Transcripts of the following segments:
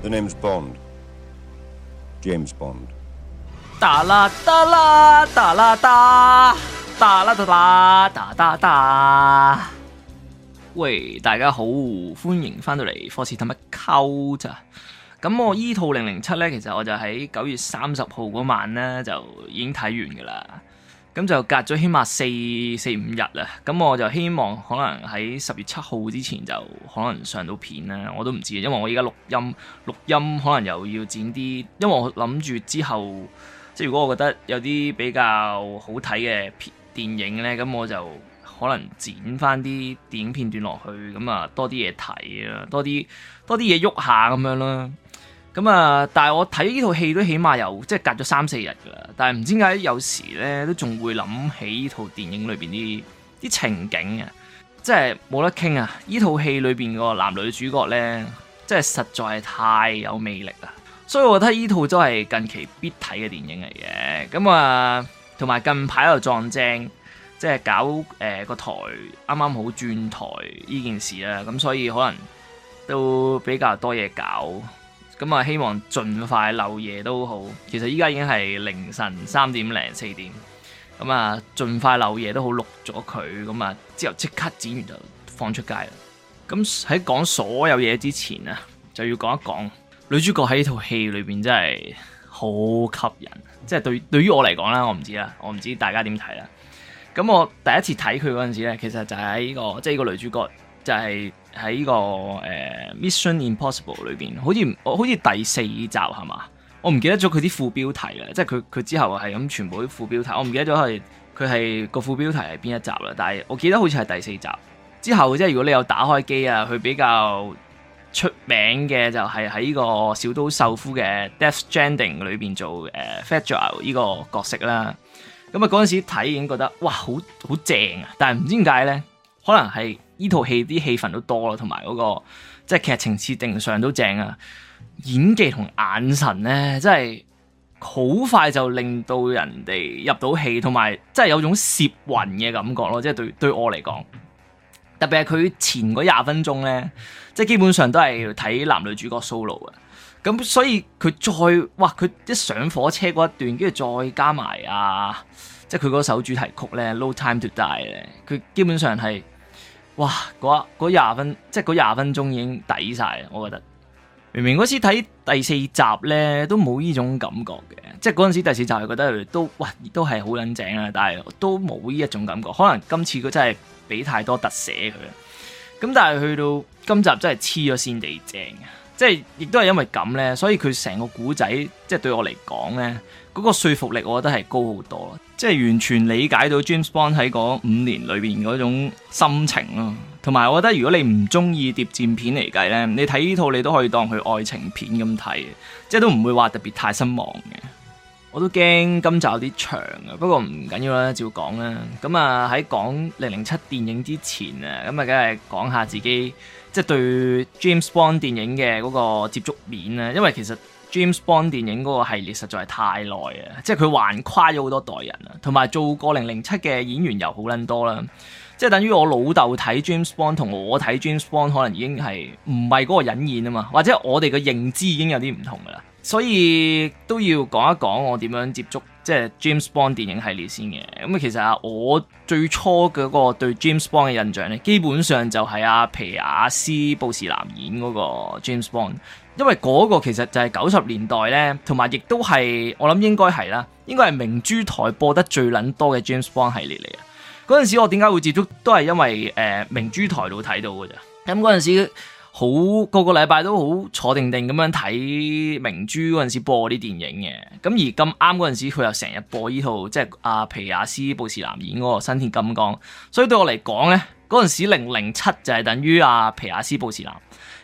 The name's Bond, James Bond。噠啦噠啦噠啦噠，噠啦噠啦噠噠噠。喂，大家好，歡迎翻到嚟《霍士睇乜 Cult》咋？咁我依套零零七咧，其實我就喺九月三十號嗰晚咧，就已經睇完噶啦。咁就隔咗起碼四四五日啦，咁我就希望可能喺十月七號之前就可能上到片啦。我都唔知，因為我而家錄音錄音，錄音可能又要剪啲，因為我諗住之後，即係如果我覺得有啲比較好睇嘅片電影呢，咁我就可能剪翻啲電影片段落去，咁啊多啲嘢睇啦，多啲多啲嘢喐下咁樣啦。咁啊、嗯！但係我睇呢套戲都起碼有即係隔咗三四日噶啦，但係唔知點解有時咧都仲會諗起呢套電影裏邊啲啲情景啊！即係冇得傾啊！呢套戲裏邊個男女主角咧，即係實在係太有魅力啦！所以我覺得呢套都係近期必睇嘅電影嚟嘅。咁、嗯、啊，同埋近排又撞正，即係搞誒、呃、個台啱啱好轉台呢件事啦。咁、嗯、所以可能都比較多嘢搞。咁啊，希望盡快漏夜都好。其實依家已經係凌晨三點零四點，咁啊，盡快漏夜都好錄咗佢，咁啊，之後即刻剪完就放出街啦。咁喺講所有嘢之前啊，就要講一講女主角喺呢套戲裏邊真係好吸引，即係對對於我嚟講啦，我唔知啦，我唔知大家點睇啦。咁我第一次睇佢嗰陣時咧，其實就係喺呢個，即係呢個女主角就係。喺呢、這個誒、呃《Mission Impossible》裏邊，好似我好似第四集係嘛？我唔記得咗佢啲副標題啦，即係佢佢之後係咁全部啲副標題，我唔記得咗係佢係個副標題係邊一集啦。但係我記得好似係第四集之後，即係如果你有打開機啊，佢比較出名嘅就係喺呢個小《小島秀夫》嘅《Death Stranding》裏邊做誒 Fragile 呢個角色啦。咁啊嗰陣時睇已經覺得哇好好，好正啊！但係唔知點解咧，可能係。呢套戲啲氣氛都多啦，同埋嗰個即係劇情設定上都正啊！演技同眼神咧，真係好快就令到人哋入到戲，同埋真係有種攝魂嘅感覺咯。即係對對我嚟講，特別係佢前嗰廿分鐘咧，即係基本上都係睇男女主角 solo 嘅。咁所以佢再哇，佢一上火車嗰一段，跟住再加埋啊，即係佢嗰首主題曲咧，《No Time To Die》咧，佢基本上係。哇！嗰廿分，即係廿分鐘已經抵晒啦，我覺得。明明嗰次睇第四集咧，都冇呢種感覺嘅，即係嗰陣時第四集係覺得都，哇，都係好撚正啊，但係都冇呢一種感覺。可能今次佢真係俾太多特寫佢，咁但係去到今集真係黐咗先地正！即係亦都係因為咁呢，所以佢成個古仔，即係對我嚟講呢，嗰個說服力，我覺得係高好多咯。即係完全理解到 James Bond 喺嗰五年裏邊嗰種心情咯。同埋我覺得，如果你唔中意諜戰片嚟計呢，你睇呢套你都可以當佢愛情片咁睇，即係都唔會話特別太失望嘅。我都驚今集有啲長啊，不過唔緊要啦，照講啦。咁啊喺講零零七電影之前啊，咁啊梗係講下自己。即係對 James Bond 電影嘅嗰個接觸面啦，因為其實 James Bond 電影嗰個系列實在係太耐啊，即係佢橫跨咗好多代人啊，同埋做過零零七嘅演員又好撚多啦，即係等於我老豆睇 James Bond 同我睇 James Bond 可能已經係唔係嗰個隱現啊嘛，或者我哋嘅認知已經有啲唔同噶啦，所以都要講一講我點樣接觸。即係 James Bond 電影系列先嘅，咁啊其實啊，我最初嘅嗰個對 James Bond 嘅印象咧，基本上就係阿、啊、皮亞斯布士南演嗰個 James Bond，因為嗰個其實就係九十年代咧，同埋亦都係我諗應該係啦，應該係明珠台播得最撚多嘅 James Bond 系列嚟啊！嗰陣時我點解會接觸，都係因為誒、呃、明珠台度睇到嘅啫。咁嗰陣時。好，個個禮拜都好坐定定咁樣睇明珠嗰陣時播啲電影嘅，咁而咁啱嗰陣時佢又成日播呢套即係、啊、阿皮亞斯布士南演嗰、嗰個新鐵金剛，所以對我嚟講呢，嗰陣時零零七就係等於阿皮亞斯布士南，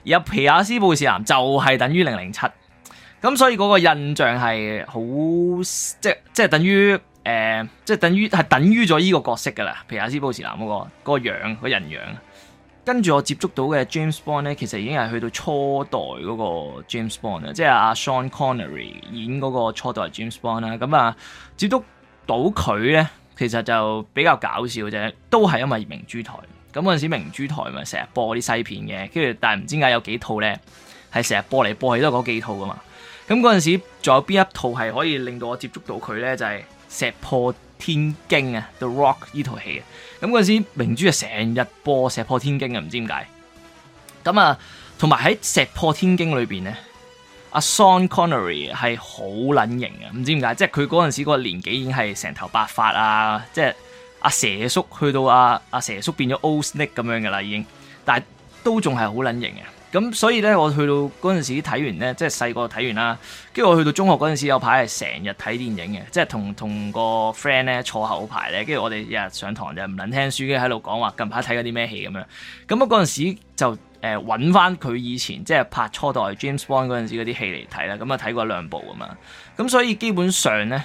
而阿皮亞斯布士南就係等於零零七，咁所以嗰個印象係好，即係即係等於誒，即係等於係等於咗呢個角色㗎啦，皮亞斯布士南嗰個嗰、呃、個、嗰個、樣嗰人樣。跟住我接觸到嘅 James Bond 咧，其實已經係去到初代嗰個 James Bond 啦，即係阿 Sean Connery 演嗰個初代 James Bond 啦。咁、嗯、啊，接觸到佢咧，其實就比較搞笑啫，都係因為明珠台。咁嗰陣時明珠台咪成日播啲西片嘅，跟住但係唔知點解有幾套咧係成日播嚟播去都係嗰幾套噶嘛。咁嗰陣時仲有邊一套係可以令到我接觸到佢咧？就係、是《石破》。天驚啊，《The Rock》呢套戲啊，咁嗰陣時明珠啊成日播《石破天驚》啊，唔知點解。咁啊，同埋喺《石破天驚》裏邊咧，阿 Sean Connery 係好撚型啊。唔知點解，即係佢嗰陣時個年紀已經係成頭白髮啊，即係阿、啊、蛇叔去到阿、啊、阿、啊、蛇叔變咗 Old Snake 咁樣嘅啦，已經，但係都仲係好撚型啊。咁所以咧，我去到嗰陣時睇完咧，即係細個睇完啦。跟住我去到中學嗰陣時，有排係成日睇電影嘅，即係同同個 friend 咧坐後排咧。跟住我哋日日上堂就唔撚聽書，跟住喺度講話近排睇咗啲咩戲咁樣。咁啊嗰陣時就誒揾翻佢以前即係拍初代 James Bond 嗰陣時嗰啲戲嚟睇啦。咁啊睇過兩部啊嘛。咁所以基本上咧，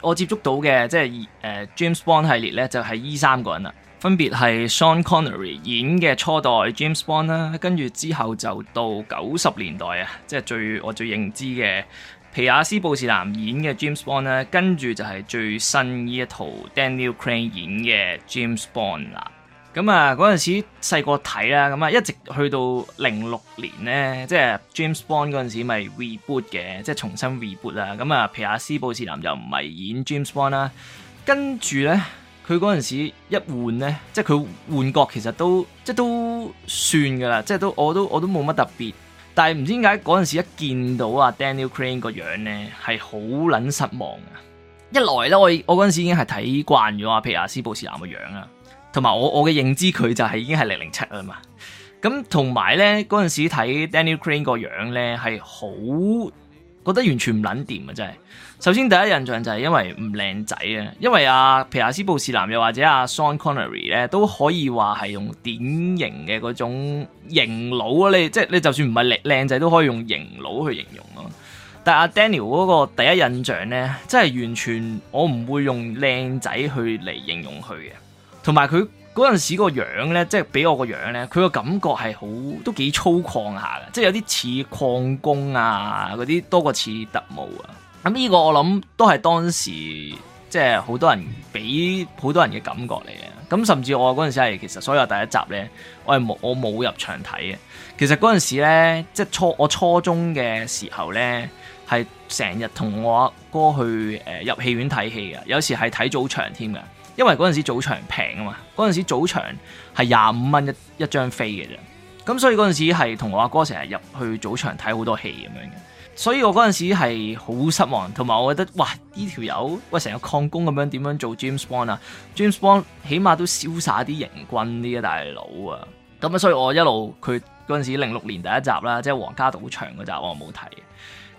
我接觸到嘅即係誒、呃、James Bond 系列咧，就係依三個人啦。分別係 Sean Connery 演嘅初代 James Bond 啦，跟住之後就到九十年代啊，即係最我最認知嘅皮亞斯布士南演嘅 James Bond 啦，跟住就係最新呢一套 Daniel Craig 演嘅 James Bond 啦。咁啊，嗰陣時細個睇啦，咁啊一直去到零六年呢，即係 James Bond 嗰陣時咪 reboot 嘅，即係重新 reboot 啊。咁啊，皮亞斯布士南就唔係演 James Bond 啦，跟住呢。佢嗰陣時一換咧，即係佢換角其實都即係都算噶啦，即係都我都我都冇乜特別。但係唔知點解嗰陣時一見到阿 Daniel Craig 個樣咧，係好撚失望啊！一來咧，我我嗰陣時已經係睇慣咗阿皮亞斯布士南個樣啊，同埋我我嘅認知佢就係已經係零零七啦嘛。咁同埋咧，嗰陣時睇 Daniel Craig 個樣咧係好。覺得完全唔撚掂啊！真係，首先第一印象就係因為唔靚仔啊，因為阿、啊、皮亞斯布士南又或者阿、啊、Sean Connery 咧都可以話係用典型嘅嗰種型佬啊。你即係、就是、你就算唔係靚靚仔都可以用型佬去形容咯。但阿、啊、Daniel 嗰個第一印象呢，真係完全我唔會用靚仔去嚟形容佢嘅，同埋佢。嗰陣時個樣咧，即係俾我個樣呢，佢個感覺係好都幾粗獷下嘅，即係有啲似礦工啊嗰啲多過似特務啊。咁呢個我諗都係當時即係好多人俾好多人嘅感覺嚟嘅。咁甚至我嗰陣時係其實所有第一集呢，我係冇我冇入場睇嘅。其實嗰陣時咧，即係初我初中嘅時候呢，係成日同我阿哥去誒、呃、入戲院睇戲嘅，有時係睇早場添嘅。因為嗰陣時早場平啊嘛，嗰陣時早場係廿五蚊一一張飛嘅啫，咁所以嗰陣時係同我阿哥成日入去早場睇好多戲咁樣嘅，所以我嗰陣時係好失望，同埋我覺得哇呢條友喂，成個礦工咁樣點樣做 James Bond 啊？James Bond 起碼都瀟灑啲營軍型棍啲嘅大佬啊，咁啊所以我一路佢嗰陣時零六年第一集啦，即係皇家賭場嗰集我冇睇。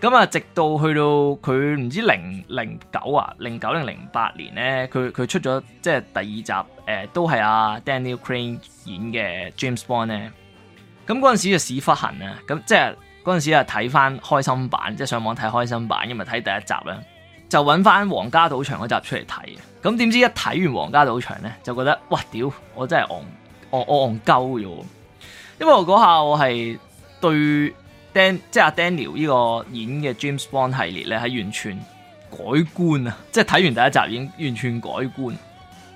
咁啊，直到去到佢唔知零零九啊，零九定零八年咧，佢佢出咗即係第二集，誒、呃，都係阿、啊、Daniel Craig 演嘅 James Bond 咧。咁嗰陣時就屎忽痕啊，咁即係嗰陣時啊睇翻開心版，即係上網睇開心版，因為睇第一集啦，就揾翻《皇家賭場》嗰集出嚟睇。咁、嗯、點知一睇完《皇家賭場》咧，就覺得哇屌，我真係戇戇戇戇鳩咗，因為我嗰下我係對。即係阿 Daniel 呢個演嘅 James Bond 系列咧，係完全改觀啊！即係睇完第一集已經完全改觀。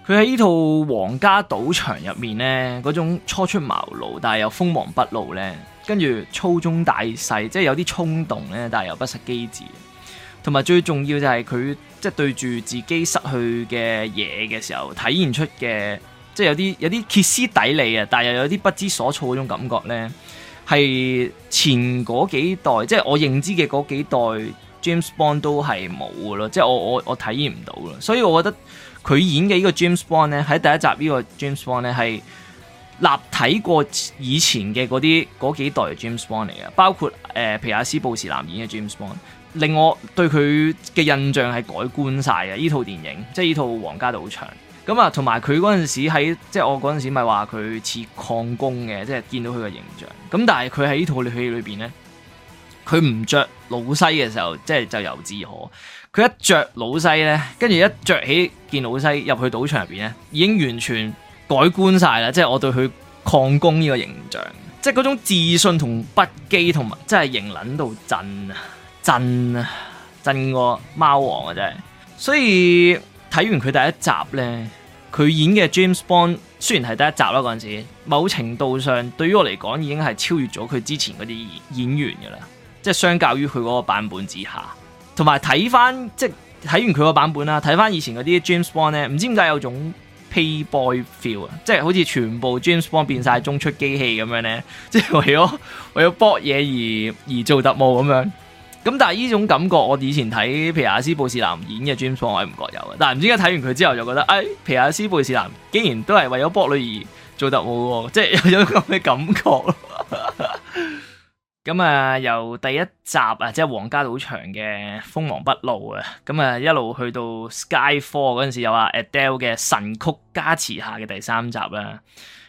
佢喺呢套《皇家賭場》入面呢，嗰種初出茅廬但係又鋒芒不露呢，跟住粗中大細，即係有啲衝動呢，但係又不失機智。同埋最重要就係佢即係對住自己失去嘅嘢嘅時候，體現出嘅即係有啲有啲歇斯底里啊，但係又有啲不知所措嗰種感覺呢，係前嗰幾代，即係我認知嘅嗰幾代 James Bond 都係冇噶咯，即係我我我體驗唔到咯。所以我覺得佢演嘅呢個 James Bond 咧，喺第一集呢個 James Bond 咧係立體過以前嘅嗰啲嗰幾代 James Bond 嚟嘅，包括誒、呃、皮亞斯布士南演嘅 James Bond，令我對佢嘅印象係改觀晒嘅。呢套電影即係呢套長《皇家賭場》。咁啊，同埋佢嗰陣時喺，即係我嗰陣時咪話佢似礦工嘅，即係見到佢個形象。咁但係佢喺呢套戲裏邊呢，佢唔着老西嘅時候，即係就由自可；佢一着老西呢，跟住一着起件老西入去賭場入邊呢，已經完全改觀晒啦！即係我對佢礦工呢個形象，即係嗰種自信同不羈同埋，即係型捻到震啊震啊震過貓王啊真係！所以睇完佢第一集呢。佢演嘅 James Bond 雖然係第一集啦嗰陣時，某程度上對於我嚟講已經係超越咗佢之前嗰啲演員噶啦，即係相較於佢嗰個版本之下，同埋睇翻即係睇完佢個版本啦，睇翻以前嗰啲 James Bond 咧，唔知點解有種 playboy feel 啊，即係好似全部 James Bond 變晒中出機器咁樣咧，即係為咗為咗搏嘢而而做特務咁樣。咁但係呢種感覺，我以前睇皮亞斯布士南演嘅 James，我係唔覺有嘅。但係唔知點解睇完佢之後就覺得，誒、哎，皮亞斯布士南竟然都係為咗博女而做特務，即係有咁嘅感覺。咁 啊、 呃，由第一集啊，即係《皇家賭場》嘅《鋒芒不露》啊，咁啊一路去到 Sky Four 嗰陣時，有啊 Adele 嘅神曲加持下嘅第三集啦。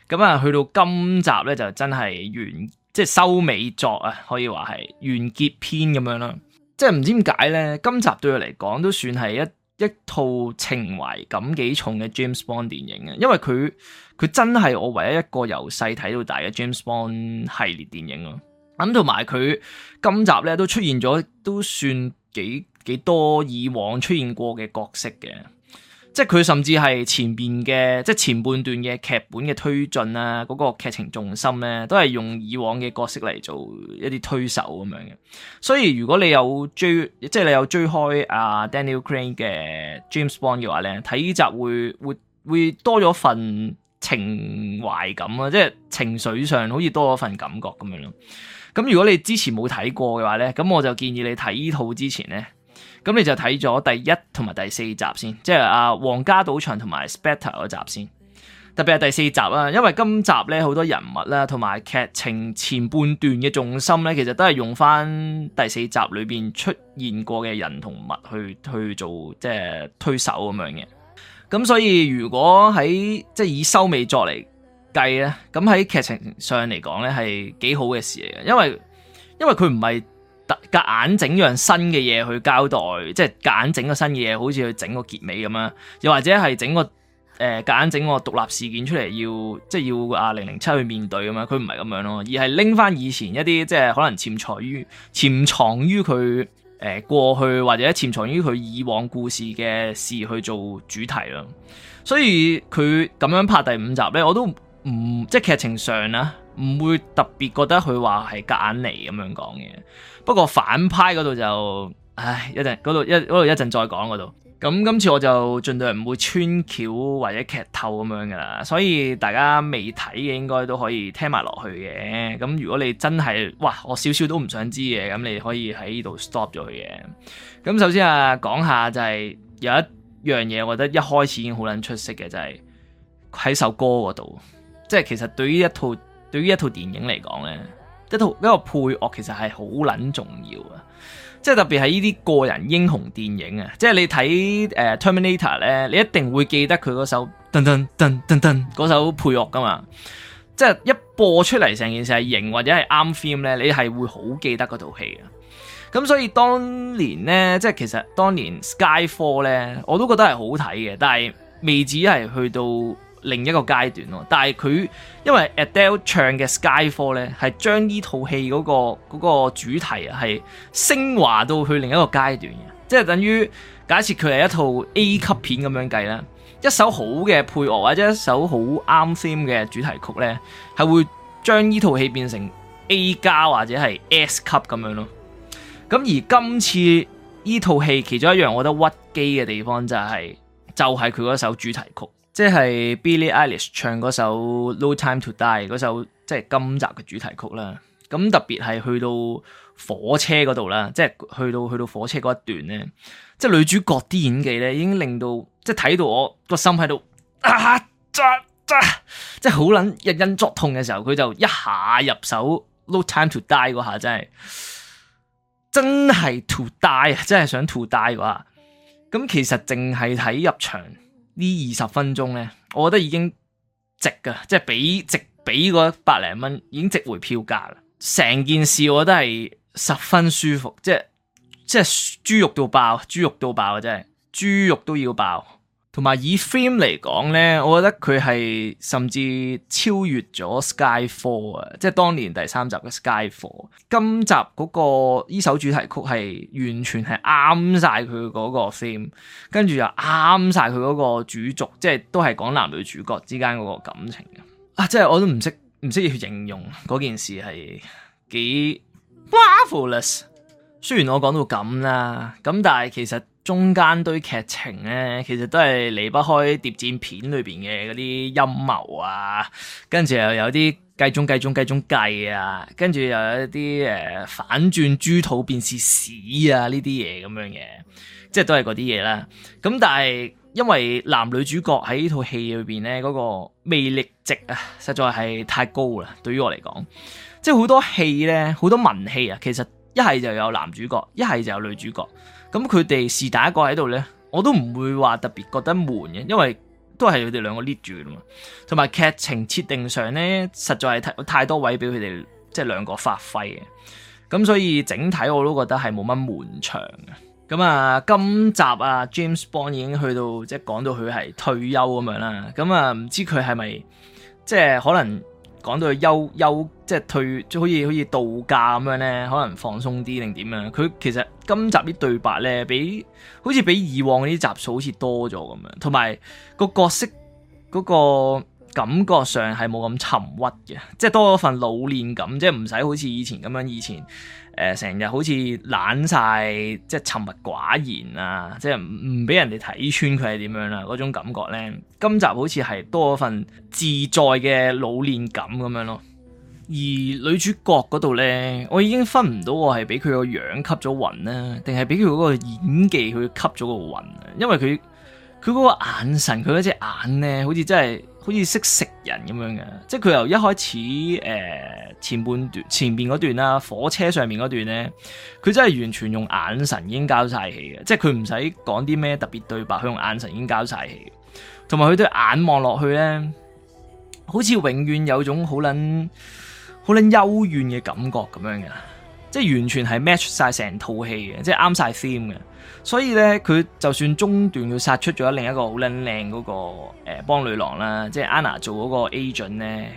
咁啊，去到今集咧就真係完。即係收尾作啊，可以話係完結篇咁樣啦。即係唔知點解咧，今集對佢嚟講都算係一一套情懷感幾重嘅 James Bond 電影啊，因為佢佢真係我唯一一個由細睇到大嘅 James Bond 系列電影咯啊。咁同埋佢今集咧都出現咗，都算幾幾多以往出現過嘅角色嘅。即係佢甚至係前邊嘅，即係前半段嘅劇本嘅推進啊，嗰、那個劇情重心咧、啊，都係用以往嘅角色嚟做一啲推手咁樣嘅。所以如果你有追，即係你有追開阿、啊、Daniel Craig 嘅 James Bond 嘅話咧，睇呢集會會會多咗份情懷感啊，即係情緒上好似多咗份感覺咁樣咯。咁如果你之前冇睇過嘅話咧，咁我就建議你睇呢套之前咧。咁你就睇咗第一同埋第四集先，即係阿皇家賭場同埋 Spectre 嗰集先，特別係第四集啦，因為今集咧好多人物啦，同埋劇情前半段嘅重心咧，其實都係用翻第四集裏邊出現過嘅人同物去去做即係推手咁樣嘅。咁所以如果喺即係以收尾作嚟計咧，咁喺劇情上嚟講咧係幾好嘅事嚟嘅，因為因為佢唔係。夾硬整樣新嘅嘢去交代，即係夾硬整個新嘅嘢，好似去整個結尾咁樣，又或者係整個誒夾硬整個獨立事件出嚟，即要即係要啊零零七去面對咁樣。佢唔係咁樣咯，而係拎翻以前一啲即係可能潛藏於潛藏於佢誒、呃、過去或者潛藏於佢以往故事嘅事去做主題啦。所以佢咁樣拍第五集咧，我都唔即係劇情上啊。唔會特別覺得佢話係隔硬嚟咁樣講嘅，不過反派嗰度就，唉，一陣嗰度一度一陣再講嗰度。咁今次我就盡量唔會穿橋或者劇透咁樣噶啦，所以大家未睇嘅應該都可以聽埋落去嘅。咁如果你真係，哇，我少少都唔想知嘅，咁你可以喺呢度 stop 咗佢嘅。咁首先啊，講下就係有一樣嘢，我覺得一開始已經好撚出色嘅，就係喺首歌嗰度，即係其實對於一套。對於一套電影嚟講呢一套一個配樂其實係好撚重要啊。即係特別係呢啲個人英雄電影啊！即係你睇誒《Terminator》咧，你一定會記得佢嗰首噔噔噔噔噔嗰首配樂㗎嘛！即係一播出嚟，成件事係型或者係啱 feel 咧，你係會好記得嗰套戲啊。咁所以當年呢，即係其實當年《Skyfall》咧，我都覺得係好睇嘅，但係未止係去到另一個階段咯，但係佢因為 Adele 唱嘅 Skyfall 咧，係將呢套戲嗰、嗰個、嗰個主題啊，係昇華到去另一個階段嘅，即係等於假設佢係一套 A 級片咁樣計啦，一首好嘅配樂或者一首好啱 Theme 嘅主題曲呢，係會將呢套戲變成 A 加或者係 S 級咁樣咯。咁而今次呢套戲其中一樣我覺得屈機嘅地方就係、是、就係佢嗰首主題曲。即係 Billie Eilish 唱嗰首《No Time To Die》嗰首，即係今集嘅主題曲啦。咁特別係去到火車嗰度啦，即係去到去到火車嗰一段咧，即係女主角啲演技咧，已經令到即係睇到我個心喺度啊，啊，啊！即係好撚隱隱作痛嘅時候，佢就一下入手《No Time To Die》嗰下真係真係 To Die 啊！真係想 To Die 哇！咁其實淨係睇入場。呢二十分鐘呢，我覺得已經值㗎，即係畀值畀嗰百零蚊已經值回票價啦。成件事我覺得係十分舒服，即係即係豬肉到爆，豬肉到爆，真係豬肉都要爆。同埋以 theme 嚟講呢，我覺得佢係甚至超越咗 Skyfall 啊！即係當年第三集嘅 Skyfall，今集嗰個呢，首主題曲係完全係啱晒佢嗰個 theme，跟住又啱晒佢嗰個主軸，即係都係講男女主角之間嗰個感情嘅啊！即係我都唔識唔識要形容嗰件事係幾 wonderfulness s 雖然我講到咁啦，咁但係其實。中間堆劇情咧，其實都係離不開諜戰片裏邊嘅嗰啲陰謀啊，跟住又有啲計中計中計中計啊，跟住又有一啲誒、呃、反轉豬肚變是屎啊呢啲嘢咁樣嘅，即係都係嗰啲嘢啦。咁但係因為男女主角喺呢套戲裏邊咧，嗰、嗰個魅力值啊，實在係太高啦。對於我嚟講，即係好多戲咧，好多文戲啊，其實一係就有男主角，一係就有女主角。咁佢哋是第一個喺度呢，我都唔會話特別覺得悶嘅，因為都係佢哋兩個 lead 住，同埋劇情設定上呢，實在係太太多位俾佢哋即係兩個發揮嘅，咁所以整體我都覺得係冇乜悶場嘅。咁啊，今集啊 James Bond 已經去到即係講到佢係退休咁樣啦，咁啊唔知佢係咪即係可能？講到休休，即係退，即好似好似度假咁樣呢，可能放鬆啲定點樣？佢其實今集啲對白呢，比好似比以往嗰啲集數好似多咗咁樣，同埋個角色嗰個感覺上係冇咁沉鬱嘅，即係多咗份老練感，即係唔使好似以前咁樣以前。誒，成日好似懶晒，即係沉默寡言啊！即係唔唔俾人哋睇穿佢係點樣啦，嗰種感覺呢，今集好似係多咗份自在嘅老練感咁樣咯。而女主角嗰度呢，我已經分唔到我係俾佢個樣吸咗魂啦，定係俾佢嗰個演技去吸咗個魂。因為佢佢嗰個眼神，佢嗰隻眼呢，好似真係～好似識食人咁樣嘅，即係佢由一開始誒、呃、前半段前邊嗰段啦，火車上面嗰段咧，佢真係完全用眼神已經交晒戲嘅，即係佢唔使講啲咩特別對白，佢用眼神已經交晒戲，同埋佢對眼望落去咧，好似永遠有種好捻好捻幽怨嘅感覺咁樣嘅，即係完全係 match 晒成套戲嘅，即係啱晒 theme 嘅。所以咧，佢就算中段佢殺出咗另一個好撚靚嗰個誒邦女郎啦，即係 Anna 做嗰個 agent 咧，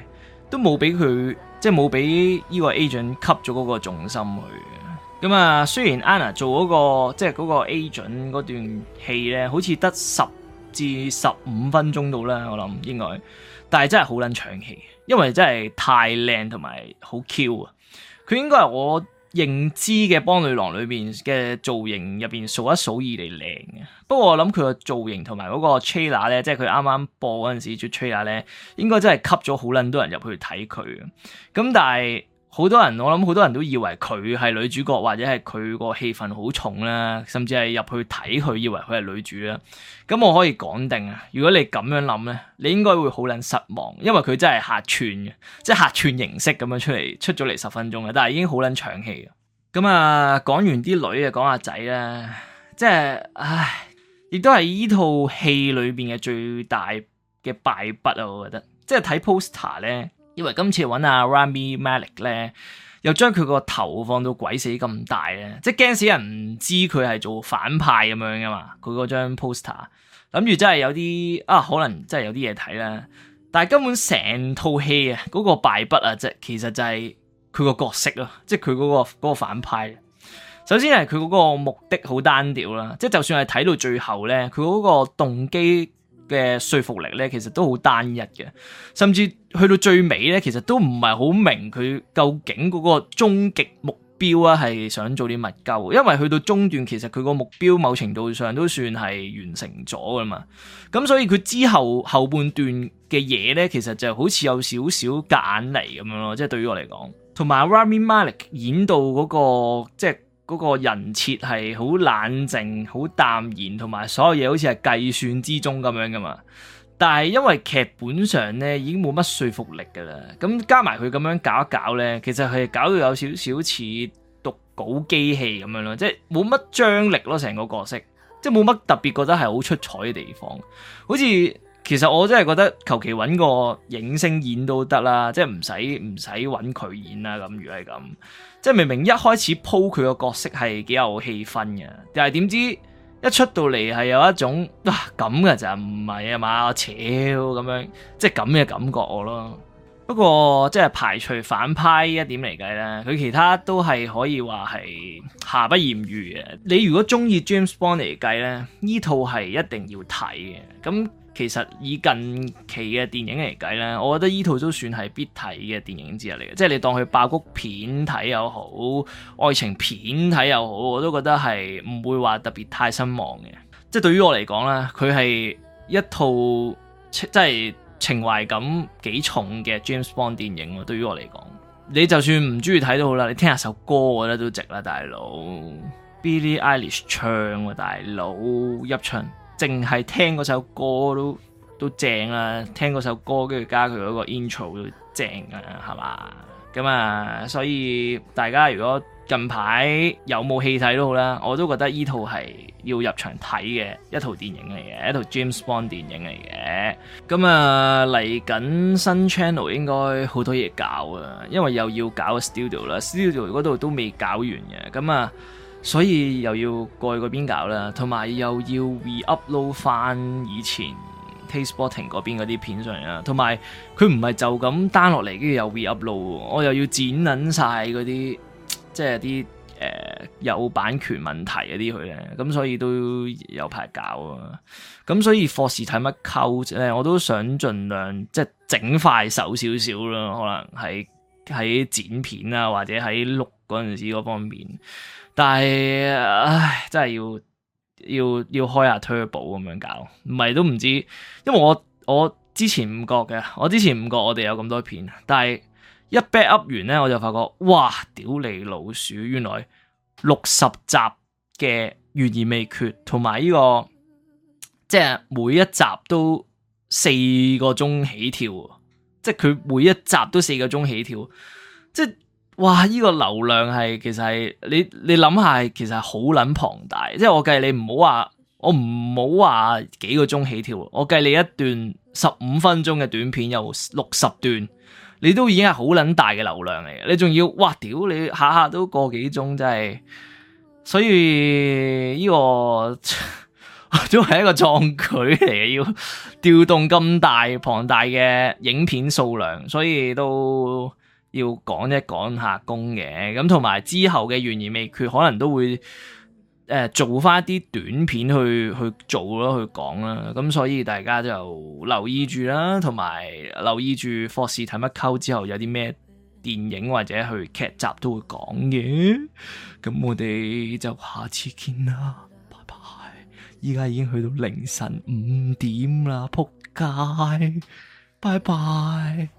都冇俾佢即係冇俾呢個 agent 吸咗嗰個重心去。咁啊，雖然 Anna 做嗰個即係嗰個 agent 嗰段戲咧，好似得十至十五分鐘到啦，我諗應該，但係真係好撚搶戲，因為真係太靚同埋好 Q 啊！佢應該係我，認知嘅邦女郎裏邊嘅造型入邊數一數二嚟靚嘅，不過我諗佢個造型同埋嗰個 trailer 咧，即係佢啱啱播嗰陣時出 trailer 咧，應該真係吸咗好撚多人入去睇佢嘅，咁但係。好多人，我諗好多人都以為佢係女主角，或者係佢個戲份好重啦，甚至係入去睇佢，以為佢係女主啦。咁我可以講定啊，如果你咁樣諗咧，你應該會好撚失望，因為佢真係客串嘅，即係客串形式咁樣出嚟，出咗嚟十分鐘嘅。但係已經好撚搶戲。咁啊，講完啲女啊，講下仔啦，即係，唉，亦都係呢套戲裏邊嘅最大嘅敗筆啊，我覺得，即係睇 poster 咧。因為今次揾阿 Rami Malek 咧，又將佢個頭放到鬼死咁大咧，即係驚死人唔知佢係做反派咁樣噶嘛。佢嗰張 poster 諗住真係有啲啊，可能真係有啲嘢睇啦。但係根本成套戲啊，嗰個敗筆啊，即係其實就係佢個角色咯，即係佢嗰個個反派。首先係佢嗰個目的好單調啦，即係就算係睇到最後咧，佢嗰個動機。嘅說服力咧，其實都好單一嘅，甚至去到最尾咧，其實都唔係好明佢究竟嗰個終極目標啊，係想做啲乜鳩？因為去到中段，其實佢個目標某程度上都算係完成咗噶嘛，咁所以佢之後後半段嘅嘢咧，其實就好似有少少硬嚟咁樣咯，即係對於我嚟講，同埋 Rami Malek 演到嗰個即係。嗰個人設係好冷靜、好淡然，同埋所有嘢好似係計算之中咁樣噶嘛。但係因為劇本上咧已經冇乜說服力噶啦，咁加埋佢咁樣搞一搞咧，其實佢係搞到有少少似讀稿機器咁樣咯，即係冇乜張力咯，成個角色即係冇乜特別覺得係好出彩嘅地方，好似。其實我真係覺得求其揾個影星演都得啦，即係唔使唔使搵佢演啦。咁如果係咁，即係明明一開始鋪佢個角色係幾有氣氛嘅，但係點知一出到嚟，係有一種哇，咁嘅就唔係啊嘛，我超咁樣，即係咁嘅感覺我咯。不過即係排除反派一點嚟計呢，佢其他都係可以話係瑕不掩瑜嘅。你如果中意 James Bond 嚟計呢，呢套係一定要睇嘅咁。嗯其實以近期嘅電影嚟計呢，我覺得呢套都算係必睇嘅電影之一嚟嘅，即係你當佢爆谷片睇又好，愛情片睇又好，我都覺得係唔會話特別太失望嘅。即係對於我嚟講咧，佢係一套即係情懷感幾重嘅 James Bond 電影。對於我嚟講，你就算唔中意睇都好啦，你聽下首歌，我覺得都值啦，大佬。Billie Eilish 唱喎，大佬入場。淨係聽嗰首歌都都正啦，聽嗰首歌跟住加佢嗰個 intro 都正啊，係嘛？咁啊、嗯，所以大家如果近排有冇戲睇都好啦，我都覺得依套係要入場睇嘅一套電影嚟嘅，一套 James Bond 電影嚟嘅。咁、嗯、啊，嚟緊新 channel 應該好多嘢搞啊，因為又要搞個 studio 啦，studio 嗰度都未搞完嘅。咁、嗯、啊。所以又要過去嗰邊搞啦，同埋又要 re upload 翻以前 Tasteboating 嗰邊嗰啲片上啊，同埋佢唔係就咁 down 落嚟，跟住又 re upload，我又要剪撚晒嗰啲，即係啲誒有版權問題嗰啲佢咧，咁所以都有排搞啊。咁所以霍士睇乜 Cult 咧，M、out, 我都想盡量即係整快手少少啦，可能喺喺剪片啊，或者喺錄嗰陣時嗰方面。但係，唉，真係要要要開下 turbo 咁樣搞，唔係都唔知。因為我我之前唔覺嘅，我之前唔覺我哋有咁多片，但係一 backup 完咧，我就發覺，哇，屌你老鼠，原來六十集嘅懸而未決，同埋呢個即係每一集都四個鐘起跳，即係佢每一集都四個鐘起跳，即係。哇！呢個流量係其實係你你諗下，其實係好撚龐大。即係我計你唔好話，我唔好話幾個鐘起跳。我計你一段十五分鐘嘅短片有六十段，你都已經係好撚大嘅流量嚟。你仲要，哇，屌你下下都個幾鐘真係。所以呢個 都係一個壯舉嚟嘅，要調動咁大龐大嘅影片數量，所以都。要講一講一下工嘅，咁同埋之後嘅懸而未決，可能都會誒、呃、做翻啲短片去去做咯，去講啦。咁所以大家就留意住啦，同埋留意住《霍士睇乜 Cult》之後有啲咩電影或者去劇集都會講嘅。咁我哋就下次見啦，拜拜！而家已經去到凌晨五點啦，仆街！拜拜。